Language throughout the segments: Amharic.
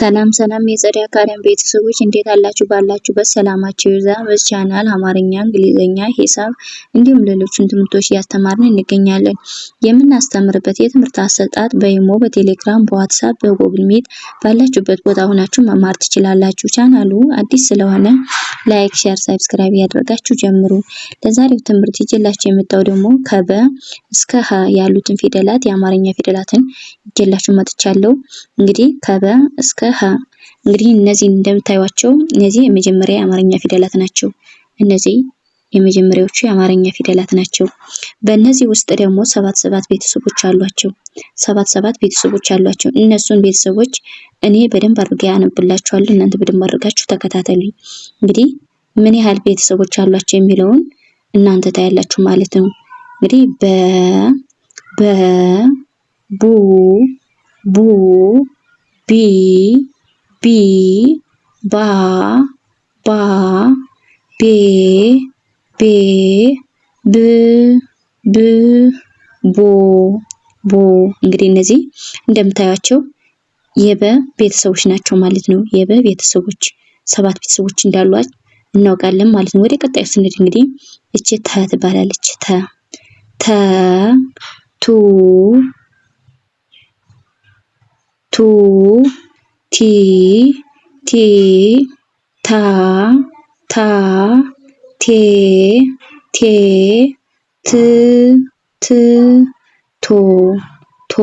ሰላም ሰላም የፀደይ አካዳሚ ቤተሰቦች እንዴት አላችሁ? ባላችሁበት ሰላማችሁ ይዛ በዚህ ቻናል አማርኛ፣ እንግሊዝኛ፣ ሂሳብ እንዲሁም ሌሎችን ትምህርቶች እያስተማርን እንገኛለን። የምናስተምርበት የትምህርት አሰጣጥ በኢሞ፣ በቴሌግራም፣ በዋትሳፕ፣ በጎግል ሚት ባላችሁበት ቦታ ሆናችሁ መማር ትችላላችሁ። ቻናሉ አዲስ ስለሆነ ላይክ፣ ሼር፣ ሳብስክራይብ እያደረጋችሁ ጀምሩ። ለዛሬው ትምህርት ይዤላችሁ የመጣው ደግሞ ከበ እስከ ሀ ያሉትን ፊደላት የአማርኛ ፊደላትን ይዤላችሁ መጥቻለሁ። እንግዲህ ከበ እስከ ከ ሀ እንግዲህ እነዚህ እንደምታዩቸው እነዚህ የመጀመሪያ የአማርኛ ፊደላት ናቸው። እነዚህ የመጀመሪያዎቹ የአማርኛ ፊደላት ናቸው። በእነዚህ ውስጥ ደግሞ ሰባት ሰባት ቤተሰቦች አሏቸው። ሰባት ሰባት ቤተሰቦች አሏቸው። እነሱን ቤተሰቦች እኔ በደንብ አድርጌ አነብላችኋለሁ። እናንተ በደንብ አድርጋችሁ ተከታተሉ እንግዲህ ምን ያህል ቤተሰቦች አሏቸው የሚለውን እናንተ ታያላችሁ ማለት ነው። እንግዲህ በ በ ቡ ቡ ቢ ቢ ባ ባ ቤ ቤ ብ ብ ቦ ቦ እንግዲህ እነዚህ እንደምታያቸው የበ ቤተሰቦች ናቸው ማለት ነው። የበ ቤተሰቦች ሰባት ቤተሰቦች እንዳሏት እናውቃለን ማለት ነው። ወደ ቀጣዩ ስንሄድ እንግዲህ እች ተ ትባላለች። ተ ተ ቱ ቱ ቲ ቲ ታ ታ ቴ ቴ ት ት ቶ ቶ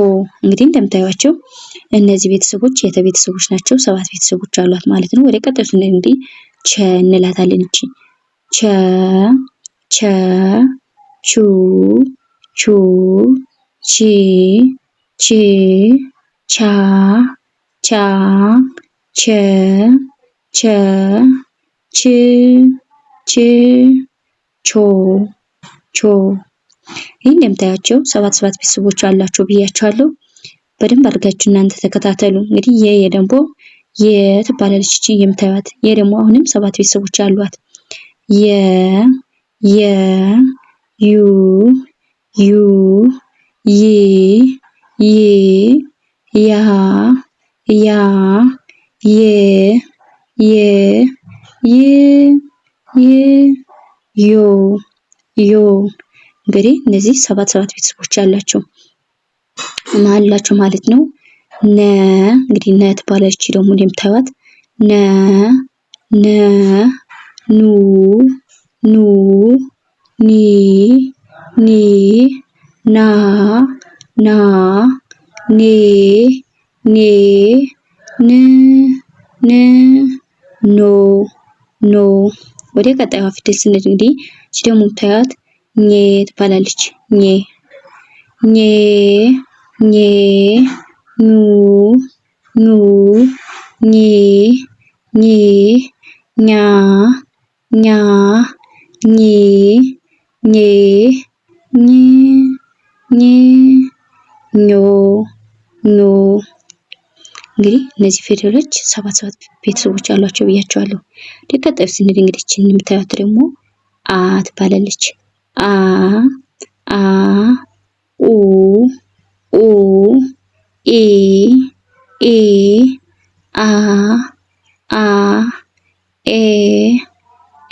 እንግዲህ እንደምታዩቸው እነዚህ ቤተሰቦች የተ ቤተሰቦች ናቸው። ሰባት ቤተሰቦች አሏት ማለት ነው። ወደ ቀጣዮች እንግዲህ ቸ እንላታለን። እቺ ቸ ቸ ቹ ቹ ቺ ቺ ቻ ቻ ቸ ቸ ች ች ቾ ቾ ይህ እንደምታያቸው ሰባት ሰባት ቤተሰቦች አላቸው ብያቸዋለሁ። በደንብ አድርጋችሁ እናንተ ተከታተሉ። እንግዲህ የ የደንቦ የትባላለች የምታዩት የ ደግሞ አሁንም ሰባት ቤተሰቦች አሏት። የ የ ዩ ዩ ይ ይ ያ ያ የ የ ይ ይ ዮ ዮ እንግዲህ እነዚህ ሰባት ሰባት ቤተሰቦች ያላቸው አላቸው ማለት ነው። ነ እንግዲህ ነ ትባላለች ደግሞ እንደምታዩት ነ ነ ኑ ኑ ኒ ኒ ና ና ኔ ኔ ን ን ኖ ኖ። ወደ ቀጣዩ ፊደል ስንሄድ እንግዲህ እቺ ደግሞ የምታያት ኘ ትባላለች። ኘ ኘ ኘ ኙ ኙ ኚ ኚ ኛ ኛ ኚ ኜ ኝ ኝ ኞ ኖ እንግዲህ እነዚህ ፊደሎች ሰባት ሰባት ቤተሰቦች አሏቸው ብያቸዋለሁ። ቀጣዩ ስንል እንግዲህ ይህችን የምታዩት ደግሞ አ ትባላለች። አ አ ኡ ኡ ኤ ኢ አ አ ኤ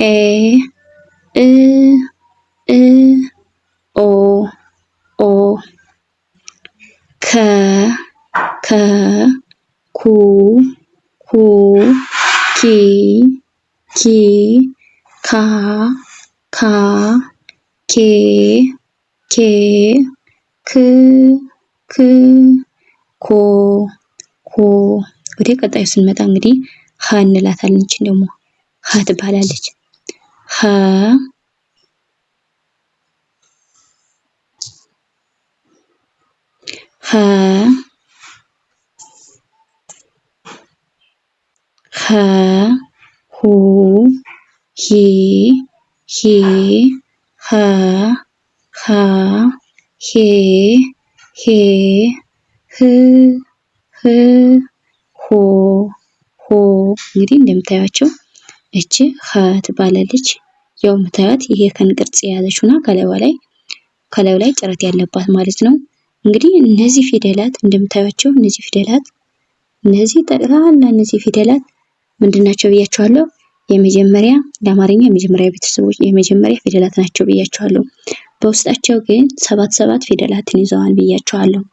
ኤ እ ኩ ኩ ኪ ኪ ካ ካ ኬ ኬ ክ ክ ኮ ኮ ወደ ቀጣዩ ስንመጣ እንግዲህ ሀ እንላታለን። ይችን ደግሞ ሀ ትባላለች። ሀ ሀ ሁ ሂ ሂ ኸ ኸ ሄ ሄ ህ ህ ሆ ሆ እንግዲህ እንደምታያቸው እች ኸ ትባላለች። ያው የምታዩት ይሄ የከን ቅርጽ የያዘች ሆና ከላዩ ላይ ከላዩ ላይ ጭረት ያለባት ማለት ነው። እንግዲህ እነዚህ ፊደላት እንደምታዩቸው እነዚህ ፊደላት እነዚህ ጠቅላላ እነዚህ ፊደላት ምንድን ናቸው ብያቸዋለሁ? የመጀመሪያ ለአማርኛ የመጀመሪያ ቤተሰቦች የመጀመሪያ ፊደላት ናቸው ብያቸዋለሁ። በውስጣቸው ግን ሰባት ሰባት ፊደላትን ይዘዋል ብያቸዋለሁ።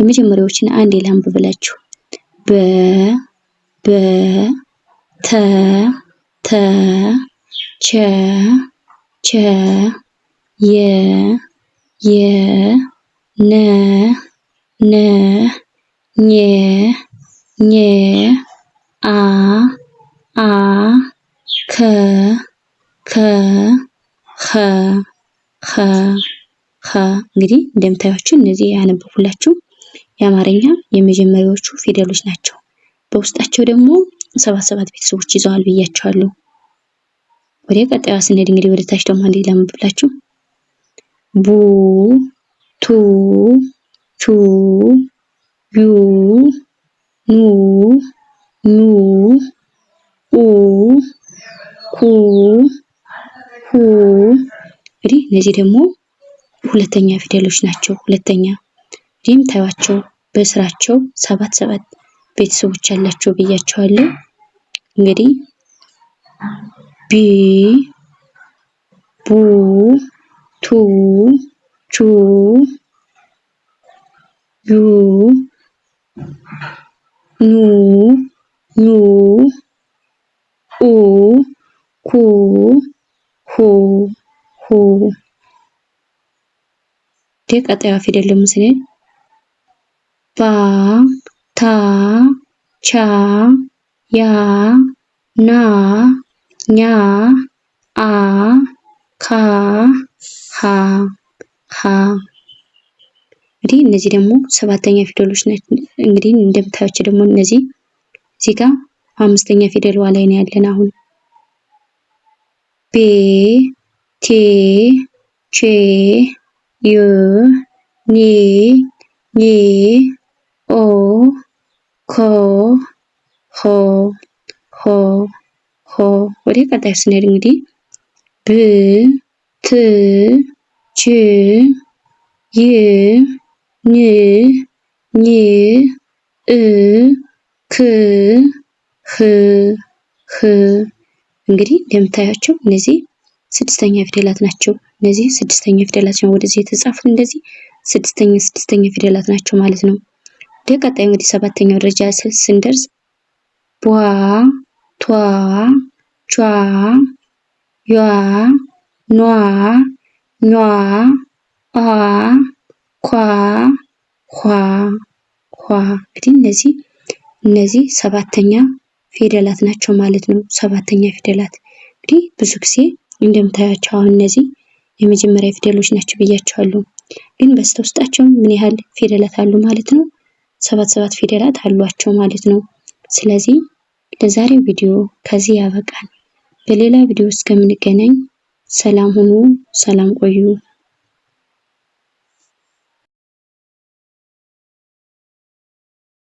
የመጀመሪያዎችን አንድ ላምብ ብላችሁ በ በ ተ ተ ቸ ቸ የ የ ነ ነ ኘ ኘ ከ ከ ከ ከ እንግዲህ እንደምታዩቸው እነዚህ ያነበብኩላችሁ የአማርኛ የመጀመሪያዎቹ ፊደሎች ናቸው። በውስጣቸው ደግሞ ሰባት ሰባት ቤተሰቦች ይዘዋል ብያቸዋለሁ። ወደ ቀጣዩ ስንሄድ እንግዲህ ወደ ታች ደግሞ አንዴ ላንብብላችሁ ቡ ቱ ቹ ዩ ኑ ኑ ኩ ሁ እንግዲህ እነዚህ ደግሞ ሁለተኛ ፊደሎች ናቸው። ሁለተኛ እንግዲህ ታዩቸው በስራቸው ሰባት ሰባት ቤተሰቦች ያላቸው ብያቸዋለሁ። እንግዲህ ቢ ቡ ቱ ቹ ዩ ኑ ኑ ኡ ቀጠያ ፊደል ደግሞ ስንል ባ ታ ቻ ያ ና ኛ አ ካ ሀ ሀ እንግዲህ እነዚህ ደግሞ ሰባተኛ ፊደሎች ናቸው። እንግዲህ እንደምታያቸው ደግሞ እነዚህ እዚህ ጋር አምስተኛ ፊደል ላይ ነው ያለን አሁን ቤ ቴ ቼ ዩ ኒ ኒ ኦ ኮ ሆ ሆ ሆ ወደ ቀጣይ ስንሄድ እንግዲህ ብ ት ች ይ ን ኝ እ ክ ህ ህ እንግዲህ እንደምታያቸው እነዚህ ስድስተኛ ፊደላት ናቸው። እነዚህ ስድስተኛ ፊደላት ሲሆን ወደዚህ የተጻፉት እንደዚህ ስድስተኛ ስድስተኛ ፊደላት ናቸው ማለት ነው። ወደ ቀጣይ እንግዲህ ሰባተኛው ደረጃ ስንደርስ ቧ፣ ቷ፣ ቿ፣ ያ፣ ኗ፣ ኟ፣ አ፣ ኳ፣ ኳ፣ ኳ እንግዲህ እነዚህ እነዚህ ሰባተኛ ፊደላት ናቸው ማለት ነው። ሰባተኛ ፊደላት እንግዲህ ብዙ ጊዜ እንደምታያቸው አሁን እነዚህ የመጀመሪያ ፊደሎች ናቸው ብያቸዋለሁ። ግን በስተውስጣቸው ምን ያህል ፊደላት አሉ ማለት ነው? ሰባት ሰባት ፊደላት አሏቸው ማለት ነው። ስለዚህ ለዛሬው ቪዲዮ ከዚህ ያበቃል። በሌላ ቪዲዮ እስከምንገናኝ ሰላም ሁኑ፣ ሰላም ቆዩ።